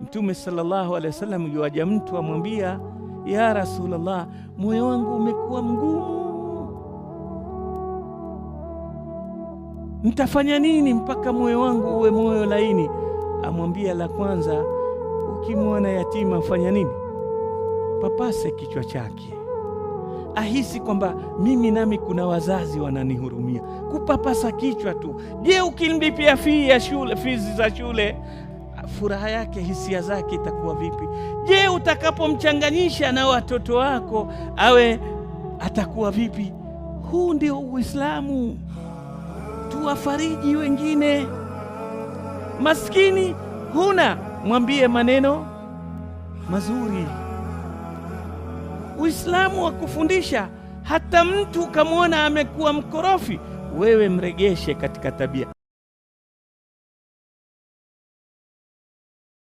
Mtume sallallahu alaihi wasallam yuaja mtu amwambia, ya Rasulullah, moyo wangu umekuwa mgumu, nitafanya nini mpaka moyo wangu uwe moyo laini? Amwambia, la kwanza, ukimwona yatima fanya nini? Papase kichwa chake ahisi kwamba mimi nami kuna wazazi wananihurumia. Kupapasa kichwa tu. Je, ukimlipia fii ya shule, fizi za shule furaha yake, hisia zake itakuwa vipi? Je, utakapomchanganyisha na watoto wako awe atakuwa vipi? Huu ndio Uislamu, tuwafariji wengine. Maskini huna, mwambie maneno mazuri. Uislamu wa kufundisha hata mtu ukamwona amekuwa mkorofi, wewe mregeshe katika tabia.